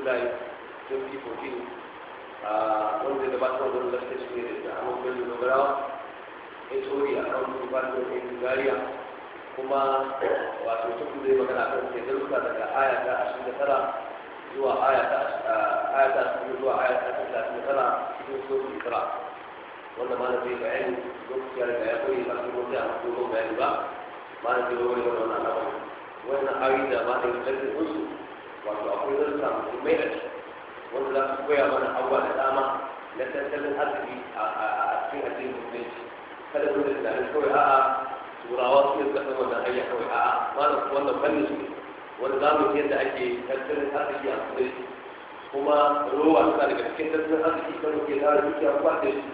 July 2014 when the Department of Justice created the Amokbel Nogara HOD a kan Department of Bulgaria kuma wato cikin zai magana kan sai darussa daga aya ta 29 zuwa aya ta aya ta zuwa aya ta 39 cikin sura Isra wanda ma zai bayani lokaci ya riga ya koyi ba su mutu a mutu bayani ba ma zai wani wannan al'amari wannan ayoyi da ma da yi tarbiyyar su wato akwai zan samu su mai da shi wanda za su koya mana abuwa da dama na tattalin arziki a cikin addinin musulunci kada mu da tunanin kawai a'a turawa su ne suka san wannan hanya kawai a'a malam wannan fannin su ne wanda za mu yadda ake tattalin arziki a musulunci kuma rowa suna daga cikin tattalin arziki kan ke tara dukiya ba da shi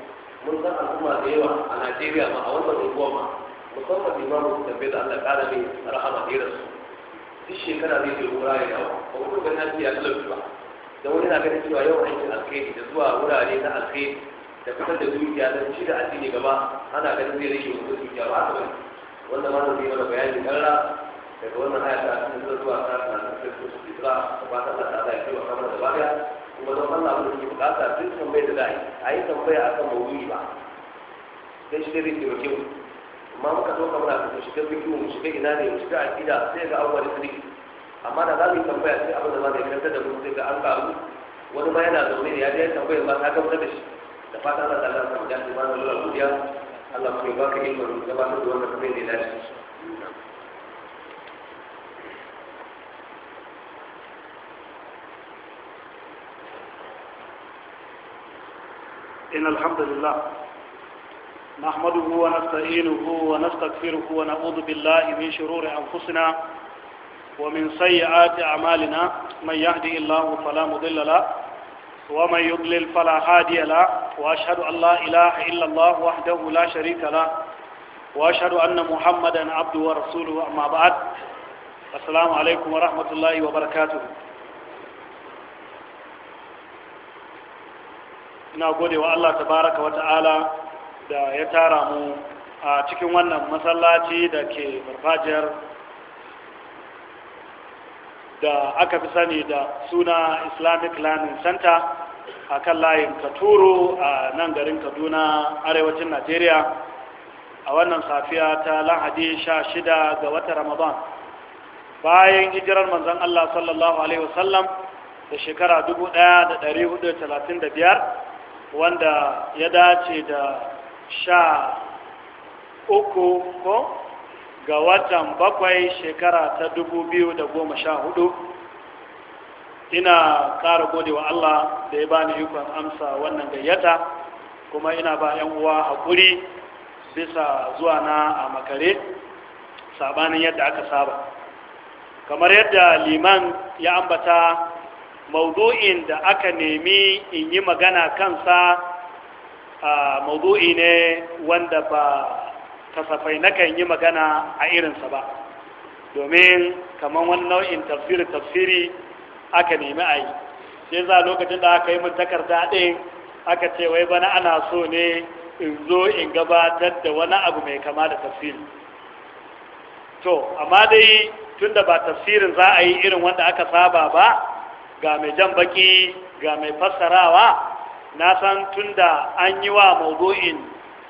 mun san al'umma da yawa a Najeriya ma a wannan unguwa ma musamman limamin da bai da Allah ƙara mai rahama da su duk shekara zai je wura ya dawo ba wani ganin haske ya talauci ba da wani na ganin cewa yawan aikin alkhairi da zuwa wurare na alkhairi da fitar da dukiya don shi da addini gaba ana ganin zai rage wasu dukiya ba haka bane wanda ma zai mana bayani karra daga wannan haya ta cikin zuwa ta na cikin su fitra ba ta da ta zai wa kamar da baya kuma don Allah abu da ke bukata duk tambayar da za a yi a yi tambaya akan mawuyi ba dan shi zai taimake mu amma muka zo kamar a cikin shiga biki mu shiga ina ne mu shiga aƙida sai ga abubuwa da sirri amma da za mu yi tambaya sai abin da ma zai karanta da mu sai ga an karu wani ma yana zaune ne ya je tambayar ba ta gamsar da shi da fata Allah ta Allah ya ji ma na Allah godiya Allah ku ba ka da ba ta zuwa kamar da ya dace إن الحمد لله نحمده ونستعينه ونستغفره ونعوذ بالله من شرور أنفسنا ومن سيئات أعمالنا من يهدي الله فلا مضل له ومن يضلل فلا هادي له وأشهد أن لا إله إلا الله وحده لا شريك له وأشهد أن محمدا عبده ورسوله أما بعد السلام عليكم ورحمة الله وبركاته ina gode wa Allah wa ta'ala da ya tara mu a cikin wannan masallaci da ke farfajiyar da aka fi sani da suna islamic learning center a kan layin katuru a nan garin kaduna arewacin nigeria a wannan safiya ta lahadi sha shida ga wata ramadan bayan hijirar manzan allah sallallahu alaihi wasallam da shekara 1435 wanda ya dace da sha uku ko ga watan bakwai shekara ta dubu biyu da goma sha hudu ina ƙara godewa Allah da ya bani ikon amsa wannan gayyata kuma ina ba 'yan uwa haƙuri bisa zuwa na a makare sabanin yadda aka saba kamar yadda liman ya ambata maudu'in da aka nemi in yi magana kansa a ne wanda ba kasafai nakan yi magana a irinsa ba domin kamar wani nau'in tafsiri tafsiri aka nemi a yi sai za lokacin da aka yi mun takarda ɗin aka ce wai bana ana so ne in zo in gabatar da wani abu mai kama da tafsiri to amma dai tun da ba tafsirin za a yi irin wanda aka saba ba ga mai jan baki ga mai fassarawa na san tun da an yi wa mabu'in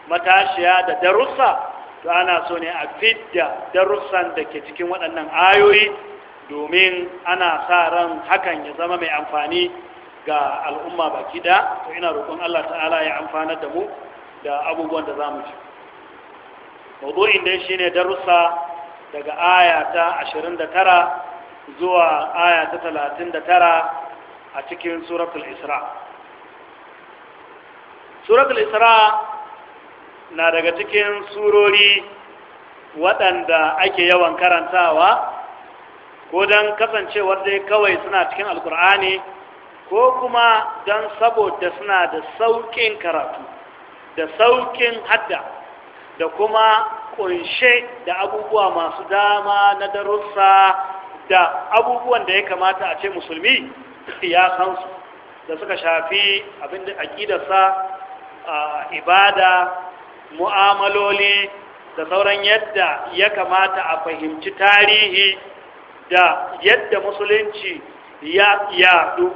matashiya da darussa to ana so ne a fidda darussan da ke cikin waɗannan ayoyi domin ana sa ran hakan ya zama mai amfani ga al'umma baki da to ina roƙon Allah ta'ala ya amfana da mu da abubuwan da za mu ci mabu'in dai ne darussa daga aya ta 29 zuwa aya ta 39 a cikin suratul isra suratul isra na daga cikin surori waɗanda ake yawan karantawa ko don kasancewar dai kawai suna cikin alkur'ani ko kuma don saboda suna da sauƙin karatu da sauƙin hadda da kuma ƙunshe da abubuwa masu dama na darussa da abubuwan da ya kamata a ce musulmi ya su da suka shafi abin da aƙidarsa ibada mu'amaloli da sauran yadda ya kamata a fahimci tarihi da yadda musulunci ya yadu